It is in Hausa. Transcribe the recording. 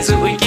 things that we